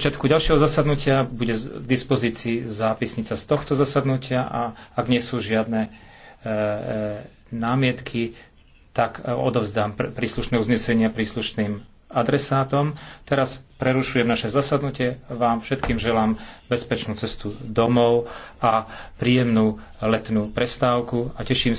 začiatku ďalšieho zasadnutia bude k dispozícii zápisnica z tohto zasadnutia a ak nie sú žiadne e, e, námietky, tak e, odovzdám pr- príslušné uznesenia príslušným adresátom. Teraz prerušujem naše zasadnutie. Vám všetkým želám bezpečnú cestu domov a príjemnú letnú prestávku a teším sa